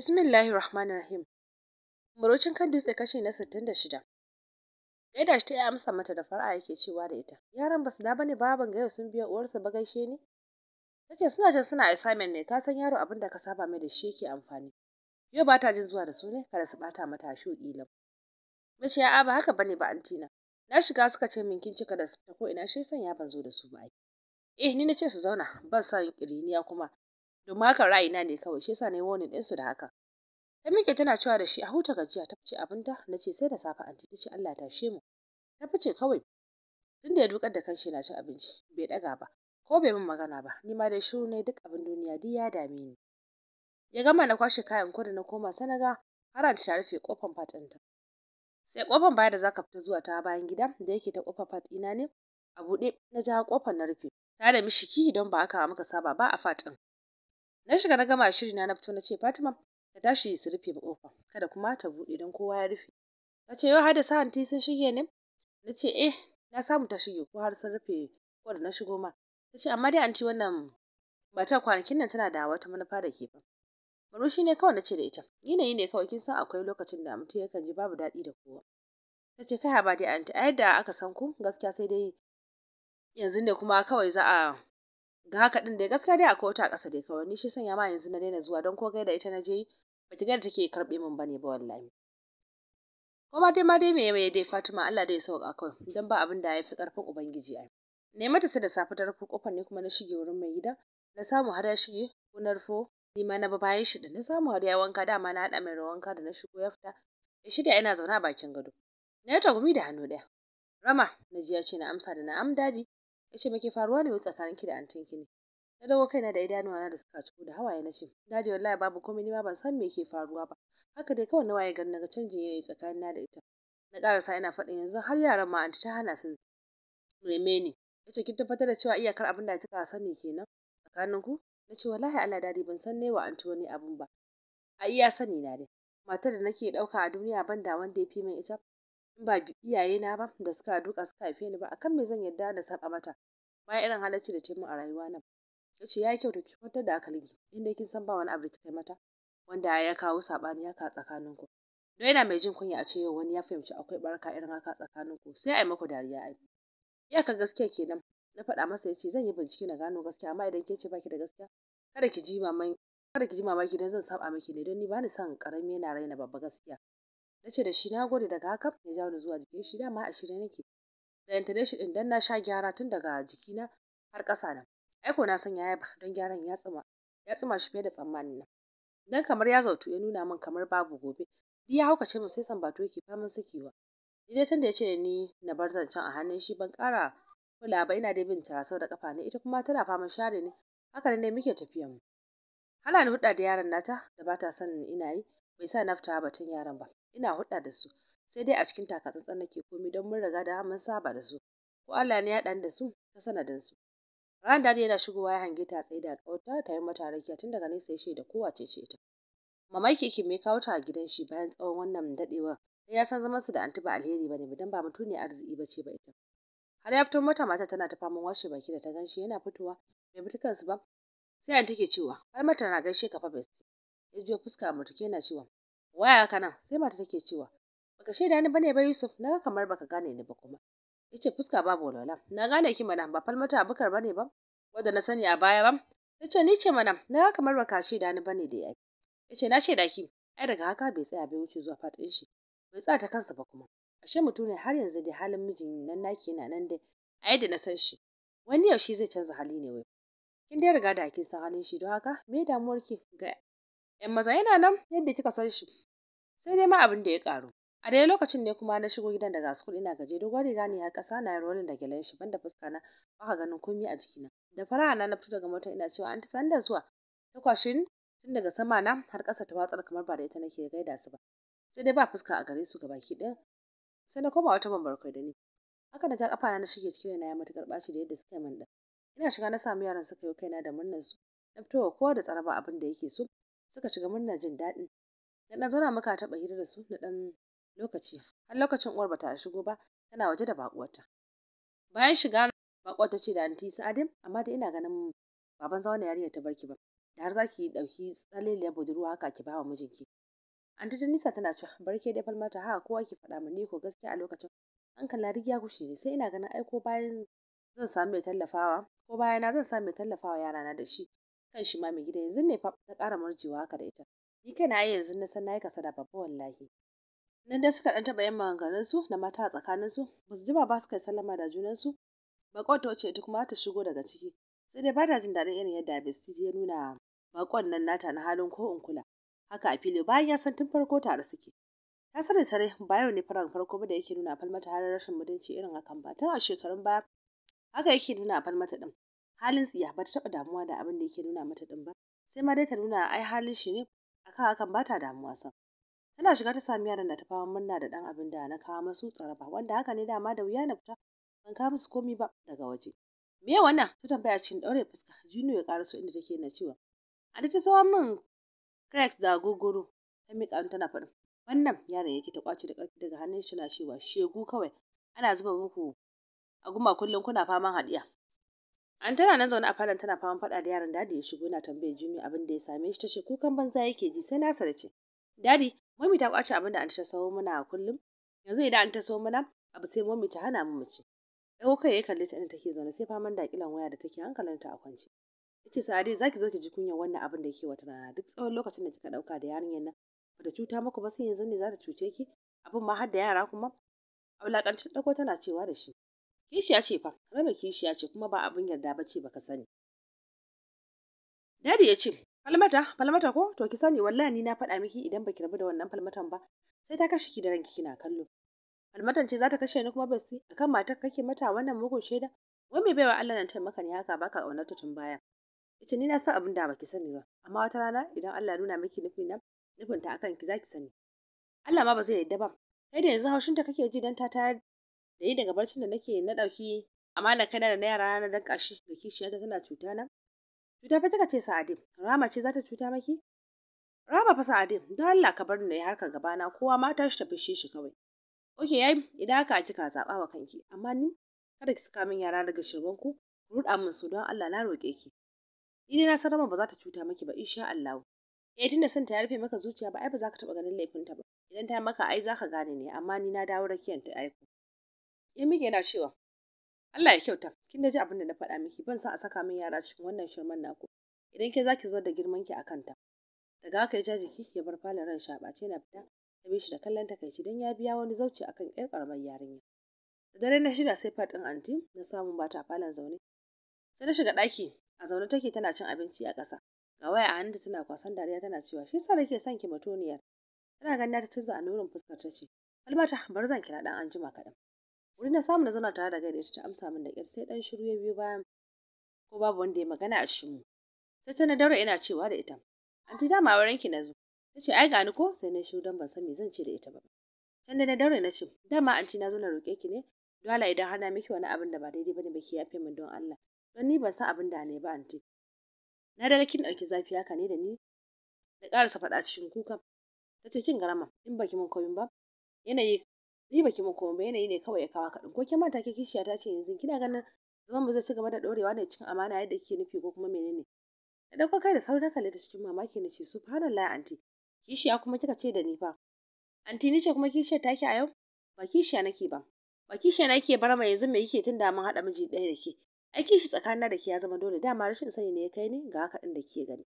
Bismillahir Rahmanir Rahim. Murocin kan dutse kashi na 66. Gaida shi ta ya amsa mata da fara yake cewa da ita. Yaran basu da bane baban yau sun biya uwarsa ba gaishe ni. Tace suna jin suna assignment ne ka san yaro abin da ka saba mai da shi yake amfani. Yau ba ta jin zuwa da su ne kada su bata mata shuɗi lam. Mace ya ba haka bane ba antina. Na shiga suka ce min kin cika da su ko ina shi san ya ban zo da su ba. Eh ni na ce su zauna ban san kiriniya kuma domin haka ra'ayina ne kawai shi yasa na yi warning ɗinsu da haka ta miƙe tana cewa da shi a huta gajiya ta fice da na ce sai da safe anti ta ce Allah ta shi mu ta fice kawai tun da ya dukar da kanshi na cin abinci bai ɗaga ba ko bai min magana ba ni ma dai shiru ne duk abin duniya duk ya dame ni ya gama na kwashe kayan kudu na koma sanaga har ta rufe kofan fat ɗinta sai kofan baya da za ka fita zuwa ta bayan gida da yake ta kofar fat ina ne a buɗe na ja kofar na rufe ta da mishiki don ba aka maka saba ba a fat ɗin na shiga na gama shiri na fito na ce Fatima ta tashi su rufe kofa kada kuma ta buɗe don kowa ya rufe ta ce yau sa sa'anti sun shige ne na ce eh na samu ta shige ko har sun rufe ko da na shigo ma ta ce amma dai anti wannan matar kwanakin nan tana da wata manufa da ke fa Marushi ne kawai na ce da ita Ni ne kawai kin san akwai lokacin da mutum yakan ji babu daɗi da kowa ta ce kai ba dai anti a yadda aka san ku gaskiya sai dai yanzu ne kuma kawai za a ga haka din da gaskiya dai akwai wata a ƙasa dai kawai ni shi sanya ma yanzu na daina zuwa don ko da ita na je bata ga da take karɓe min bane ba wallahi kuma dai ma dai meye meye dai Fatima Allah dai ya sauka kawai don ba abin da ya fi ƙarfin ubangiji ai ne mata sai da safe ta rufe kofar ne kuma na shige wurin mai gida na samu har ya shige ko na rufo ni ma na ba bayan shi da na samu har ya wanka dama na haɗa mai wanka da na shigo ya fita ya shirya ina zaune a bakin gado na yi tagumi da hannu ɗaya rama na ji ya ce na amsa da na am daji ya ce me ke faruwa ne tsakanin ki da antin ki ne na kai na da idanuwa na da suka ci. Ku da hawaye na ce dadi wallahi babu komai ni ma ban san me ke faruwa ba haka dai kawai na waye ga naga canjin yi tsakanin na da ita na karasa ina faɗin yanzu har yaran ma anti ta hana su meme ne ya ce kin tabbatar da cewa iyakar abin da kika sani kenan tsakanin ku na ce wallahi Allah dadi ban san ne wa anti wani abun ba a iya sani na dai matar da nake ɗauka a duniya ban da wanda ya fi min ita in ba iyaye na ba da suka duka suka haife ni ba akan me zan yarda da saba mata bayan irin halacci da ta mu a rayuwa nan ta ce ya kyauta ki kwantar da hankalinki inda kin san ba wani abu da kika mata wanda ya kawo saɓani haka tsakanin ku don yana mai jin kunya a ce yau wani ya fahimci akwai barka irin haka a ku sai a yi maku dariya ai iyakar gaskiya kenan na faɗa masa ya ce zan yi bincike na gano gaskiya amma idan ke ce baki da gaskiya kada ki ji mamaki kada ki ji mamaki dan zan saba miki ne don ni bani son karami yana raina babba gaskiya na ce da shi na gode daga haka ya jawo ni zuwa jikin shi dama a shirye nake da intaneshi ɗin dan na sha gyara tun daga jiki na har ƙasa na aiko na sanya yaba don gyaran ya tsuma ya tsuma shi fiye da tsammani na dan kamar ya zautu ya nuna min kamar babu gobe di ya hauka ce mu sai sambato yake faman sakewa ni dai da ya ce ni na bar zancen a hannun shi ban ƙara kula ba ina dai bin da kafa ne ita kuma tana faman share ne. haka ne muke tafiya mu hana ni hudda da yaran nata da bata son ina yi bai sa na fita batun yaran ba ina hudda da su sai dai a cikin takatsantsan nake komai don mun riga da mun saba da su ko Allah ne ya dan da su ta sanadin su Ran da yana shigowa ya hange ta tsaye da kauta ta yi mata rakiya tun daga nesa ya da kowa ce ce ta mamaki ke mai kawo ta gidan shi bayan tsawon wannan dadewar sai ya san zaman su da anti ba alheri bane ba dan ba arziki bace ba ita har ya fito mata mata tana ta faman washe baki da ta ganshi yana fitowa bai mutukan kansu ba sai an take cewa har mata na gaishe ka fa best ya jiyo fuska mutuke yana cewa waya kana sai mata take cewa baka shaida ni bane ba Yusuf naga kamar baka gane ni ba kuma yace fuska babu walwala na gane ki mana ba falmata abukar bane ba wanda na sani a baya ba yace ni ce mana na kamar baka shaida ni bane da yayi yace na shaida ki ai daga haka bai tsaya bai wuce zuwa fatin shi bai tsaya ta kansa ba kuma ashe mutum har yanzu da halin mijin nan naki yana nan dai a yadda na san shi wani yaushe zai canza hali ne wai kin dai riga da kin san halin shi don haka me damuwar ki ga yan maza yana nan yadda kika san shi sai dai ma abin da ya karu a dai lokacin ne kuma na shigo gidan daga school ina gaje dogon riga ne har kasa na rolling da gyalen shi banda fuska na ka ganin komai a jikina da fara na fito daga mota ina cewa an anti sanda zuwa ta kwashin tun daga sama na har ƙasa ta watsar kamar ba da ita nake gaida su ba sai dai ba fuska a gare su gabaki ɗaya sai na koma wata bambar kai da ni haka da ja kafa na shige cikin na ya matukar ɓaci da yadda suka yi min ina shiga na samu yaran suka yi kaina da murnar su na fitowa kowa da tsaraba abin da yake so suka shiga murnar jin daɗin na ɗan zauna muka taɓa hira da su na ɗan lokaci har lokacin uwar bata shigo ba tana waje da baƙuwarta bayan shiga baƙuwar ta ce da anti sa'adin amma da ina ganin baban zaune yarinyar ta barki ba da har zaki ɗauki tsaleliyar budurwa haka ki bawa mijinki anti janisa tana cewa barke dai falmata haka kowa ki faɗa mani ko gaskiya a lokacin hankali na ya kushe ne sai ina ganin aiko bayan zan samu mai tallafawa ko bayana zan samu mai tallafawa yarana da shi kan shi ma mai gida yanzu ne fa ta ƙara murjewa haka da ita ni kaina ai yanzu na san nayi kasada babba wallahi nan dai suka ɗan taɓa yin su na mata a su ba su jima ba su kai sallama da junansu bakon ta wuce ita kuma ta shigo daga ciki sai dai ba ta jin daɗin irin yadda Abesti ya nuna bakon nan nata na halin ko in kula haka a fili bayan ya san tun farko tare suke ta sani sare ba yau ne faran farko ba da yake nuna falmata halin rashin mutunci irin hakan ba tun a shekarun baya haka yake nuna falmata din halin tsiya ba ta taɓa damuwa da abin da yake nuna mata din ba sai ma dai ta nuna ai halin shi ne akan hakan ba ta damuwa sam tana shiga ta sami yaran da ta fama murna da dan abin da na kawo masu tsaraba wanda haka ne dama da wuya na fita ban kawo musu komai ba daga waje me wannan ta tambaya cikin daure fuska junior ya karaso inda take na cewa a ta sawa min cracks da gogoro ta miƙa tana faɗin wannan yaran yake ta kwace da ƙarfi daga hannun shi na cewa shegu kawai ana zuba muku a guma kullum kuna faman haɗiya an tana nan zaune a falon tana faman faɗa da yaran dadi ya shigo yana tambayar jini abin da ya same shi ta tace kukan banza yake ji sai nasa da dadi Mami ta kwace abin da an ta sayo mana kullum. Yanzu idan an ta sawo mana abu sai mami ta hana mu mace. Ɗago kai ya kalle ta inda take zaune sai faman kilan waya da take ta a kwance. Yace Sa'ade zaki zo ki ji kunyar wannan abin da yake wata rana duk tsawon lokacin da kika ɗauka da yarinyar nan bata cuta muku ba sai yanzu ne za ta cuce ki abin ma har da yara kuma. A wulaƙance ta ɗauko tana cewa da shi. Kishiya ce fa, raba kishiya ce kuma ba abin yarda ba ce baka sani. Dadi ya ce, falmata falmata ko to ki sani wallahi ni na faɗa miki idan baki rabu da wannan falmatan ba sai ta kashe ki da ranki kina kallo falmatan ce za ta kashe ni kuma basti akan matar kake mata wannan mugun shaida wai mai baiwa Allah nan maka ne haka baka kaunar ta tun baya ita ni na san abin da baki sani ba amma wata rana idan Allah nuna miki nufin nan nufin ta akan ki zaki sani Allah ma ba zai yadda ba kai da yanzu haushin ta kake ji dan ta tayar da daga barcin da nake na dauki amana kana da na yara na dan kashi da kishiya ta tana cuta na Cuta fa taka ce Sa'adin, Rama ce za ta cuta maki? Rama fa Sa'adin, don Allah ka bar ni na yi harka gabana kowa ma ta fishe shi kawai. Oke yayi, idan haka kika zaba wa kanki, amma ni kada ki saka min yara daga shirban ku, ruɗa min su don Allah na roƙe ki. Ni dai na san Rama ba za ta cuta maki ba insha Allah. Eh tunda san ta ya rufe maka zuciya ba ai ba za ka taɓa ganin laifinta ba. Idan ta maka ai za ka gane ne amma ni na dawo rakiyar ta aiko. Ya mike yana cewa Allah ya kyauta kin daji abin da na faɗa miki ban san a saka min yara cikin wannan shirman naku idan ke zaki zubar da girman ki akan ta daga haka ya ja jiki ya bar falon ran shaɓace na fita ta bi shi da kallon takaici dan ya biya wani zauce akan ƴar ƙaramar yarinya da dare na shida sai faɗin anti na samu ba ta falon zaune sai na shiga ɗaki a zaune take tana cin abinci a ƙasa ga waya a hannunta tana kwasan dariya tana cewa shi sa nake son ki mutuniyar tana ganin ta tuzza a nurin fuskar ta ce kalmata bar zan kira dan anjima kaɗan wuri na samu na zauna tare da gaida ta amsa min da ƙyar sai ɗan shiru ya biyo bayan ko babu wanda ya magana a cikin mu sai ta na daura ina cewa da ita anti dama wurin ki na zo ta ce ai gani ko sai na shiru don ban san me zan ce da ita ba can da na daure na ce dama anti na zo na roƙe ki ne dole idan har na miki wani abin da ba daidai bane ba ki yafe min don Allah don ni ban san abin da ne ba anti na daga kin ɗauki zafi haka ne da ni da ƙarasa faɗa cikin kuka ta ce kin garama in baki mun komin ba yanayi ni ki muku mai yanayi ne kawai ya kawo ɗin. ko kin manta ke kishiya ta ce yanzu kina ganin zaman ba zai ci gaba da dorewa ne cikin amana yadda kike nufi ko kuma menene da dauko kai da sauran kalle ta cikin mamaki na ce subhanallah anti kishiya kuma kika ce da ni fa anti ni ce kuma kishiya take a yau ba kishiya nake ba ba kishiya nake bar ma yanzu me kike da mun haɗa miji ɗaya da ke Ai kishi tsakanin da ke ya zama dole dama rashin sani ne ya kai ni ga haka ɗin da kike gani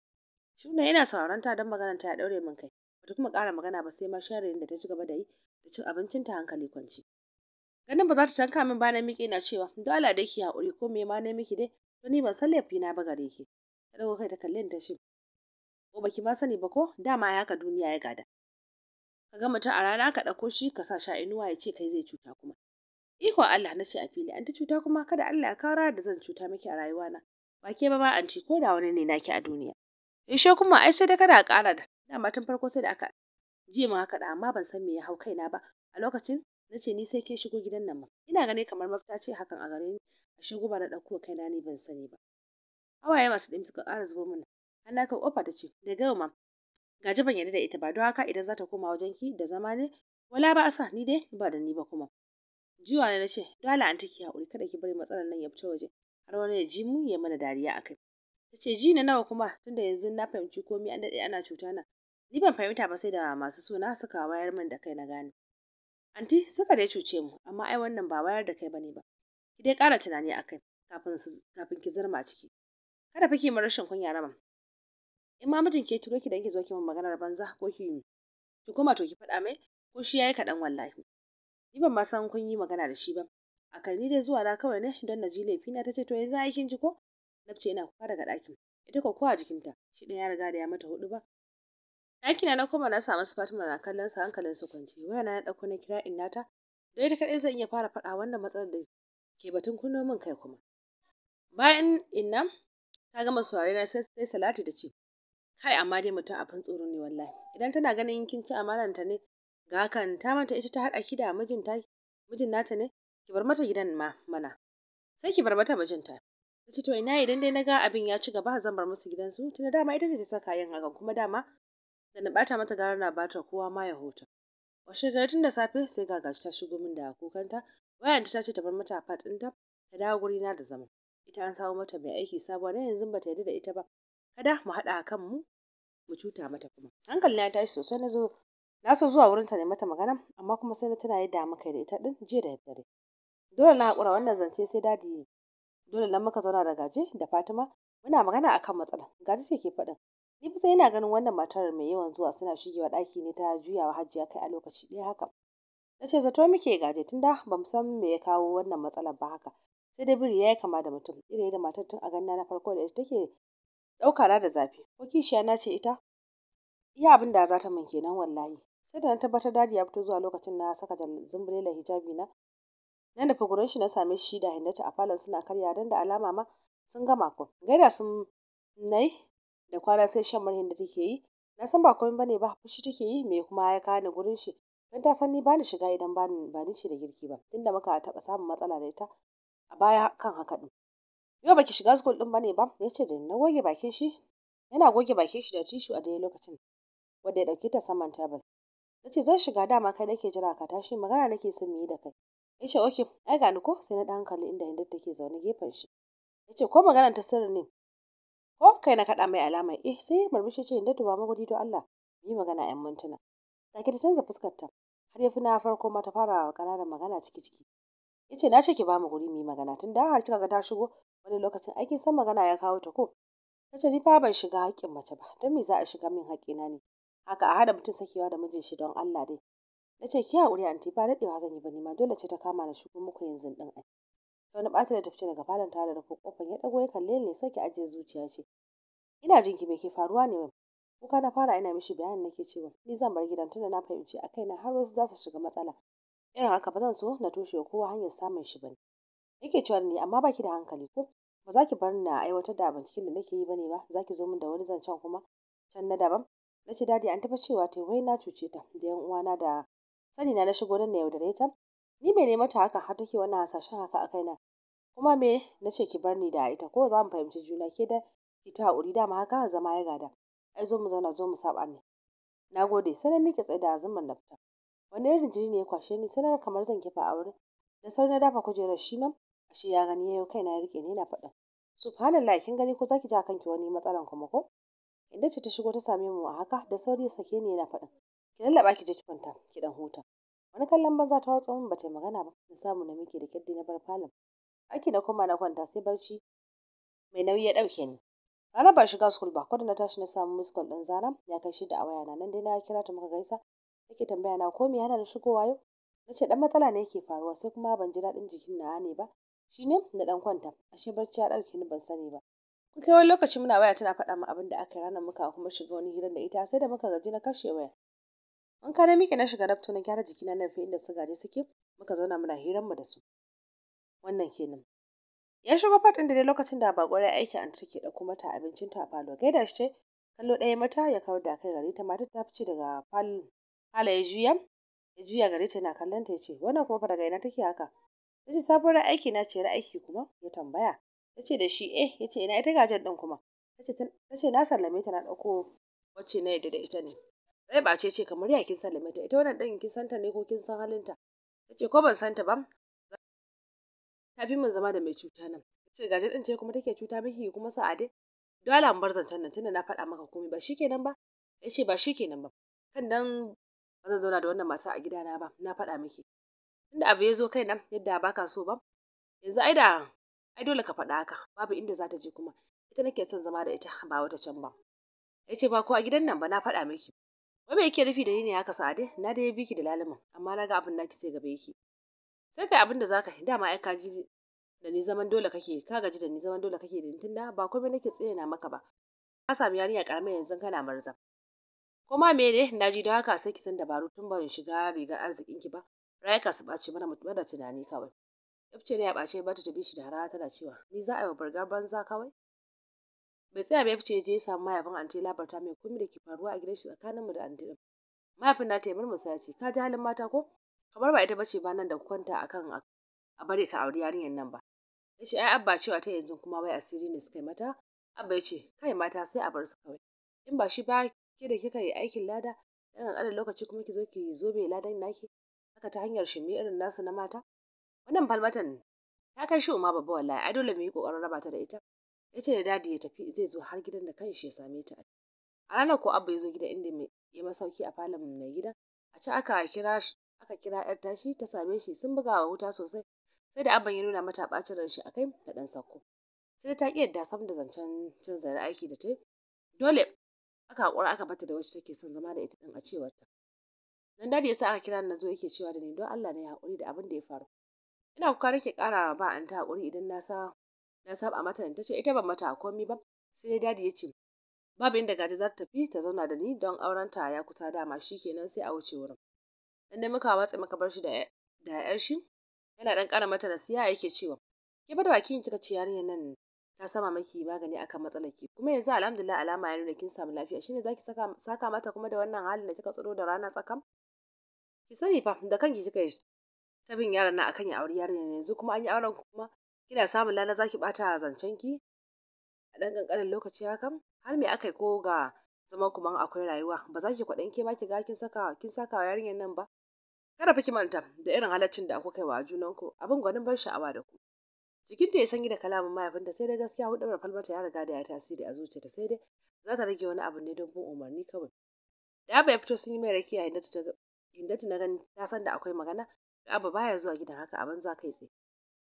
shi yana sauraron ta don maganar ta ya ɗaure min kai bata kuma ƙara magana ba sai ma sharin da ta ci gaba da yi da cin abincin ta hankali kwance ganin ba za ta tanka min ba na miƙe na cewa dole da ki haƙuri ko me ma na miki dai to ni ban san laifi na ba gare ki ta dago kai ta kalle ta shi ko baki ma sani ba ko dama ya ka duniya ya gada ka ga mutum a rana ka ɗauko shi ka sa sha inuwa ya ce kai zai cuta kuma iko Allah na ce a fili an ta cuta kuma kada Allah ya kawo da zan cuta miki a rayuwana ba ke ba ma anti ko da wani ne naki a duniya yaushe kuma ai sai da kada a ƙara da dama tun farko sai da aka jiya ma haka da amma ban san me ya hau kaina ba a lokacin na ce ni sai ke shigo gidan nan ma ina gane kamar mafita ce hakan a gare ni a shigo ba na ɗauko kaina ni ban sani ba hawaye masu ɗin suka ƙara zubo mana an na kofa ta ce da gawa ma gaji ban yarda da ita ba don haka idan za ta koma wajen ki da zama ne wala ba asa ni dai ba da ni ba kuma jiwa ne na ce dole an take haƙuri kada ki bari matsalar nan ya fita waje har wani ya ji mu ya mana dariya a kai. ta ce ji na nawa kuma tunda yanzu na fahimci komai an daɗe ana cuta na Ni ban fahimta ba sai da masu suna suka wayar min da kai na gane. Anti suka dai cuce mu amma ai wannan ba wayar da kai bane ba. Ki dai ƙara tunani akai kafin su kafin ki zarma ciki. Kada fa ki mu rashin kunya na In ma mijin ke turo ki dan ki zo ki min maganar banza ko ki ki koma to ki faɗa mai ko shi yayi kaɗan wallahi. Ni ban ma san kun yi magana da shi ba. kai ni dai zuwa na kawai ne don na ji laifi na tace to yanzu ai kin ji ko? Na ina kuka daga ɗakin. Ita ko a jikinta shi ɗaya ya riga da ya mata hudu ba ɗakina na koma na samu su Fatima na kallon sa hankalin su kwance waya na ɗauko na kira innata da ta kaɗai zan iya fara faɗa wannan matsalar da ke batun kunno min kai kuma bayan inna ta gama saurare na sai sai Salatu da ce kai amma dai mutum abin tsoro ne wallahi idan tana ganin kin ci amananta ne ga hakan ta manta ita ta haɗa ki da mijinta mijin nata ne ki bar mata gidan ma mana sai ki bar mata mijinta ta ce to ina idan dai na ga abin ya ci gaba zan bar musu gidansu tunda dama ita ce ta saka yin hakan kuma dama da na mata gara na bata kowa ma ya huta washe gari tun da safe sai ga gashi ta shigo min da kukanta wayan ta ce ta bar mata fat ɗinta ta dawo guri na da zama ita an samu mata mai aiki sabuwa na yanzu bata yarda da ita ba kada mu haɗa kan mu mu cuta mata kuma hankali na tashi sosai na zo na so zuwa wurin ta ne mata magana amma kuma sai na tana yadda muka da ita din jiya da daddare dole na haƙura wannan zance sai dadi dole nan muka zauna da gaje da Fatima muna magana akan matsala. gaje ce ke faɗin sai yana ganin wannan matar mai yawan zuwa suna shigewa ɗaki ne ta juyawa Hajiya kai a lokaci ɗaya haka. Ta ce zato muke gaje tun ba mu san me ya kawo wannan matsalar ba haka. Sai dai biri ya yi kama da mutum iri da matar tun a ganina na farko da ita take ɗauka na da zafi ko kishiya na ce ita. Iya abin da za ta min kenan wallahi. Sai da na tabbatar daji ya fito zuwa lokacin na saka da da hijabi na. Na nufi gurin shi na same shi da Hindata a falon suna karya dan da alama ma sun gama ko. Gaida sun nai da kwana sai shan marhin da take yi na san ba komai bane ba fushi take yi mai kuma ya kawo ni gurin shi dan ta san ni ba ni shiga idan ba ni ba ce da girki ba tunda muka taba samun matsala da ita a baya kan haka din yau baki shiga school din bane ba yace da na goge bakin shi yana goge bakin shi da tishu a daidai lokacin wanda ya dauke ta saman tabal nace zan shiga dama kai nake jira ka tashi magana nake son mu yi da kai yace okay ai ga ni ko sai na dan hankali inda inda take zaune gefen shi yace ko maganar ta sirri ne ko kai na kaɗa mai alama eh sai ya murmushi ce inda tuba magudi don Allah yi magana yan mintuna take ta canza fuskar ta har ya fi na farko ma ta fara wa ƙananan magana ciki ciki ya ce na ce ki ba mu guri mu yi magana tun da har kika ga ta shigo wani lokacin aikin san magana ya kawo ta ko ta ce ni fa ban shiga haƙƙin mace ba don me za a shiga min na ne haka a haɗa mutum sakewa da mijin shi don Allah dai na ce ki haƙuri anti ba daɗewa zan yi ba ma dole ce ta kama na shigo muku yanzu ɗin ai wani ɓata da tafi daga falon tare da kofar ya dago ya kalle ni sake ajiye zuciya ce ina jin ki me ke faruwa ne mam kuka na fara ina mishi bayanin nake cewa ni zan bar gidan tunda na fahimci a kaina har wasu za su shiga matsala irin haka ba zan so na toshe kowa hanyar samun shi bane yake cewa ni amma baki da hankali ko ba za ki bar ni na aiwatar da binciken da nake yi ba ne ba za ki zo min da wani zancen kuma can na daban na ce dadi an taɓa cewa ta wai na cuce ta da yan uwana da sani na na shigo nan na yaudare ta Ni ne mata haka har take wannan hasashen haka a kaina? Kuma me na ki bar ni da ita ko za mu fahimci juna ke da ki ta da dama haka zama ya gada. Ai zo mu zauna zo mu saba ne. Na gode sai na miƙe tsaye da azumman na fita. Wani irin jini ne ya kwashe ni sai na kamar zan kifa a wurin. Da sauri na dafa kujerar shi ma ashe ya gani yayo kaina ya rike ni na faɗa. Subhanallah kin gani ko zaki ja kanki wani matsalan kuma ko? Inda ce ta shigo ta same mu a haka da sauri ya sake ni yana faɗin. Ki lallaba ki je ki kwanta ki dan huta. wani kallon banza ta watsa min bata magana ba na samu na miki da kyaddi na bar falon aiki na koma na kwanta sai barci mai nauyi ya ɗauke ni rana ba shiga school ba kwada na tashi na samu miss ɗin zara ya kai da a wayana nan dai na kira ta muka gaisa take tambaya na ko me yana da shigowa yau na ce ɗan matsala ne yake faruwa sai kuma ban ji daɗin jikin na ne ba shi ne na ɗan kwanta ashe barci ya ɗauke ni ban sani ba kai wani lokaci muna waya tana faɗa mu abin da aka yi ranar muka kuma shiga wani hirar da ita sai da muka gaji na kashe waya ka na miƙe na shiga rafto na gyara jikina na fa inda su gaje suke muka zauna muna hiranmu da su wannan kenan ya shigo fatin da dai lokacin da bakwar ya aiki an take dauko mata abincin ta a falo gaida shi ce kallo ɗaya mata ya kawo da kai gare ta mata ta fice daga falo ya juya ya juya gare ta na kallon ta yace ce wannan kuma daga ina take haka yace ce sabuwar aiki na ce aiki kuma ya tambaya yace ce da shi eh ya ce ina ita gajen ɗin kuma ta ce na sallame ta na dauko wacce na yadda da ita ne Rai bace ce kamar ya kin sallame ta ita wannan ɗin kin santa ne ko kin san halinta. Ta ce ko ban santa ba. Ta fi mun zama da mai cuta nan. tace ce gaji ce kuma take cuta miki kuma sa'a dai. Dole an bar zancen nan tunda na faɗa maka komai ba shikenan ba. Ya ce ba shikenan ba. Kan dan ba zan zauna da wannan mata a gidana ba na faɗa miki. Tunda abu ya zo kai nan yadda ba so ba. Yanzu ai da ai dole ka faɗa haka babu inda za ta je kuma ita nake son zama da ita ba wata can ba. Ya ce ba ko a gidan nan ba na faɗa miki. wai me yake nufi da ni ne haka sa'ade na dai biki da laluma, amma na ga abin naki sai gaba yake sai kai abin da zaka yi dama ai ka ji da ni zaman dole kake ka gaji da ni zaman dole kake da ni tunda ba komai nake na maka ba ka sami yarinya karamin yanzu kana marza kuma me ne na ji don haka sai ki san dabaru tun ban shiga rigar arzikin ki ba rayuka su bace mana mutum da tunani kawai yabce ne ya bace ba ta tafi shi da harawa tana cewa ni za a yi wa bargar banza kawai Mai tsaya ba ya fice je ya samu mahaifin anti labarta mai komai da ke faruwa a gidan shi mu da anti din mahaifin nata ya murmusa ya ce ka ji halin mata ko kamar ba ita bace ba nan da kwanta akan a bari ka auri yarinyar nan ba yace ai abba cewa ta yanzu kuma bai asiri ne suka yi mata abba ya ce, kai mata sai a bar su kawai in ba shi ba ke da kika yi aikin lada dan kada lokaci kuma ki zo ki zo bai ladan naki haka ta hanyar shirme irin nasu na mata wannan falmatan ta kai shi umma babba wallahi ai dole mu yi kokarin raba ta da ita ya ce da dadi ya tafi zai zo har gidan da kanshi ya same ta a ranar ko abba ya zo gida inda ya masauki a falon mai gida? a ci aka kira aka kira yar tashi ta same shi sun buga wa wuta sosai sai da abban ya nuna mata bacin ran shi kai ta dan sako sai ta ki yadda sam da zancen canza aiki da ta dole aka hakura aka bata da wacce take son zama da ita din a cewar ta dan dadi yasa aka kira na zo yake cewa da ni don Allah na hakuri da abin da ya faru ina kuka nake kara ba an ta hakuri idan na sa na saba mata ta ce ita ban mata komai ba sai dai dadi ya ce babu inda gaji za ta tafi ta zauna da ni don auren ta ya kusa dama kenan sai a wuce wurin dan dai muka watsa muka bar shi da da yar shi yana dan kara mata nasiha yake cewa ke bada bakin kika ci yarinyar nan ta sama maki magani akan matsalar ki kuma yanzu alhamdulillah alama ya nuna kin samu lafiya shine zaki saka saka mata kuma da wannan halin da kika tsoro da rana tsakam ki sani fa da kanki kika yi ta bin yaron nan akan ya aure yarinyar yanzu kuma an yi auren kuma kina samun za zaki bata zancen ki a dan kankanin lokaci hakan har me yi ko ga zaman kuma akwai rayuwa ba za ki kwaɗan ke ma ki ga kin saka kin saka yarinyar nan ba kada fa ki manta da irin halaccin da aka kai wa ku abin gwanin ban sha'awa da ku ta ya sanyi da kalamin mahaifinta sai dai gaskiya mai falmata ya riga da ya tasiri a zuciyarta sai dai za ta rage wani abu ne don bin umarni kawai da ba ya fito sun yi mai rakiya ta na gani ta san da akwai magana da abu baya zuwa gidan haka za ka yi tsaye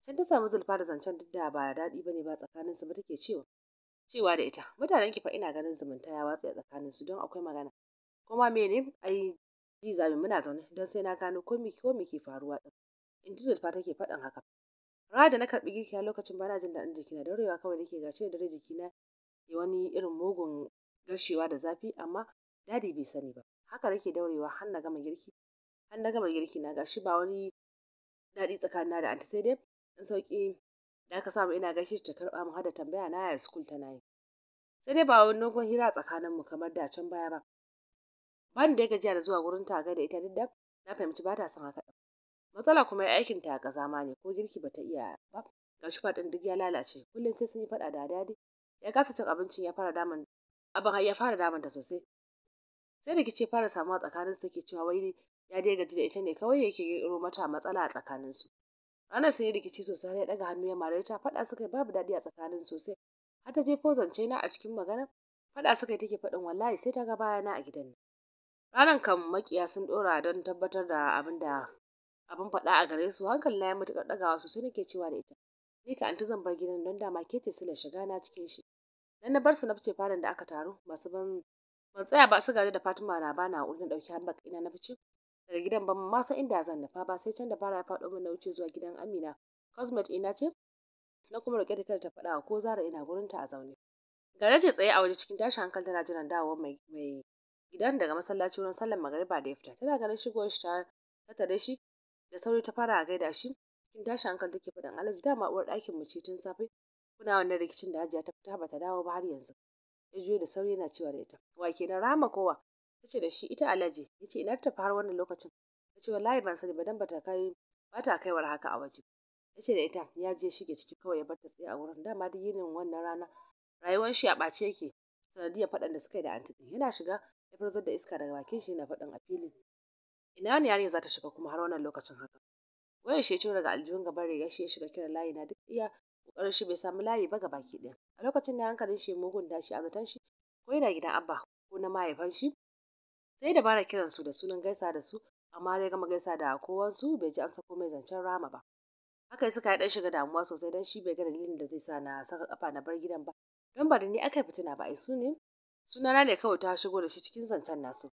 Can ta samu Zulfa da zancen duk da ba daɗi bane ba tsakanin su ba take cewa cewa da ita mutanen ki fa ina ganin zumunta ya watsa tsakanin su don akwai magana kuma ne ai ji zabi muna zaune don sai na gano ko miki ko miki faruwa din in ji Zulfa take faɗin haka Rada da na karɓi girki a lokacin bana jin daɗin jikina daurewa kawai nake gashi da dare jikina ya wani irin mugun gashewa da zafi amma dadi bai sani ba haka nake daurewa har na gama girki har na gama girki na gashi ba wani daɗi tsakanina da anta sai dai dan sauƙi da aka samu ina gaishe ta karɓa mu hada tambaya na ya school tana yi sai dai ba wani dogon hira tsakanin mu kamar da can baya ba bani da gajiya da zuwa gurin ta ga da ita duk da na fahimci ba ta son haka matsala kuma aikin ta ga zama ne ko girki ba ta iya ba gashi faɗin duk ya lalace kullum sai sun yi faɗa da dadi ya kasa cin abincin ya fara damun abin ya fara damun ta sosai sai rikici fara samuwa tsakanin su take cewa wai ya dai gaji da ita ne kawai yake ƙirƙiro mata matsala a tsakanin su Ranar sun yi rikici sosai ya ɗaga hannu ya mare ta faɗa suka babu daɗi a tsakanin sosai. Har ta jefo zance na a cikin magana faɗa suka take faɗin wallahi sai ta ga bayana a gidan nan. Ranar kan makiya sun ɗora don tabbatar da abin da abin faɗa a gare su hankali na ya matuƙar ɗagawa sosai nake cewa da ita. Ni ka anti zan bar gidan don dama ke ce sila shiga na cikin shi. Dan na bar su na fice falon da aka taru masu ban ban tsaya ba su gaji da Fatima na bana na wurin ɗauki hanbak ina na fice. daga gidan ban ma san inda zan nufa ba sai can da fara ya faɗo min na wuce zuwa gidan Amina Cosmet ina ce na kuma roƙe da kada ta faɗa ko Zara ina gurin ta a zaune gare ce tsaye a waje cikin tashin hankali tana jiran dawowar mai mai gidan daga masallaci wurin sallar magariba da ya fita tana ganin shigo shi ta tare shi da sauri ta fara gaida shi cikin tashin hankali take faɗin alaji dama uwar ɗakin mu ce tun safe kuna wannan rikicin da hajiya ta fita ta dawo ba har yanzu ya juyo da sauri yana cewa da ita wa kenan rama kowa ta da shi ita alaji ya ce ina tafi har wannan lokacin ta ce wallahi ban sani ba dan bata kai bata kaiwar haka a waje ya da ita ya je shige ciki kawai ya barta tsaye a wurin dama duk yinin wannan rana rayuwar shi a ɓace yake sanadiyar faɗan da suka yi da anti yana shiga ya furzar da iska daga bakin shi yana faɗin a fili ina ne yarinya za ta shiga kuma har wannan lokacin haka wayar shi ya daga aljihun gaban riga shi ya shiga kira layi na duk iya kokarin shi bai samu layi ba ga baki ɗaya a lokacin da hankalin shi mugun tashi a zaton shi ko yana gidan abba ko na mahaifan shi sai da bara kiran su da sunan gaisa da su amma dai gama gaisa da kowansu bai ji an sako mai zancen rama ba haka suka dan shiga damuwa sosai dan shi bai ga dalilin da zai sa na saka kafa na bar gidan ba don ba da ni aka fitina ba ai su ne sunana ne kawai ta shigo da shi cikin zancen nasu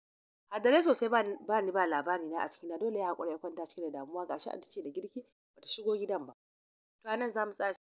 haddare sosai ba ni ba labari na a cikin dole ya hakura ya kwanta cikin damuwa gashi an tace da girki ba ta shigo gidan ba to anan zamu tsaya